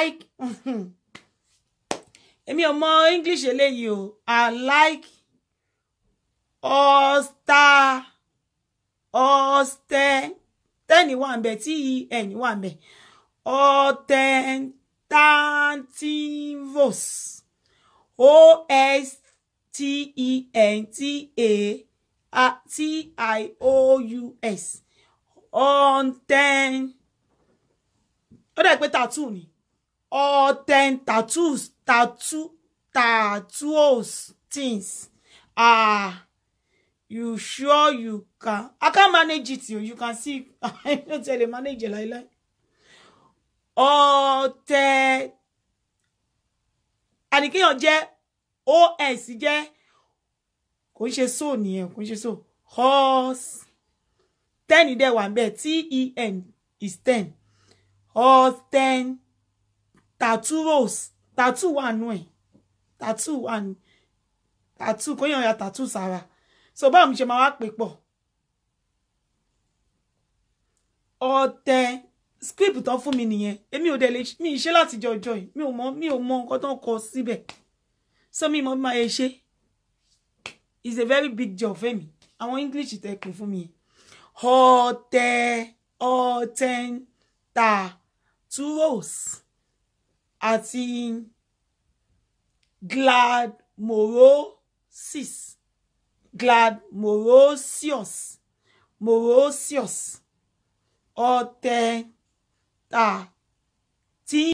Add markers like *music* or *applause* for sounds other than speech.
like *laughs* èmi ò mọ english eléyìí o i like oyster oyster tẹ́ni wà ń bẹ̀ tí ẹ̀yìn e wà ń bẹ̀ authentivos o s t e n t a t i o u s authentivos ó dẹ̀ pé tattoo ni All ten tattoos, tattoo, tattoos, things. Ah, you sure you can? I can manage it. You, you can see. *laughs* I don't tell you, manage it like that. ten. àníkéyàn jẹ́ OS jẹ́ kò ń ṣe so nìyẹn kò ń ṣe so horse ten dẹ̀ wà ń bẹ̀ ten is ten horse ten tattoo rose tattoo wà nù ẹ̀ tattoo wà nù tattoo kò ya tattoo sára so báwo mi ṣe máa wá pè pọ̀ ọ̀tẹ̀ script tán fún mi nìyẹn èmi ò dẹ̀ lè mi ṣe láti jọjọ yìí mi ò mọ mi ò mọ nǹkan tó ń kọ síbẹ̀ so mi mọ máa ṣe is a very big job fẹ́mi àwọn english tẹ pè fún mi ọ̀tẹ̀ ọ̀tẹ̀ ta two àti gladmorosis gladmorosius morosius ọ̀tẹ̀ tà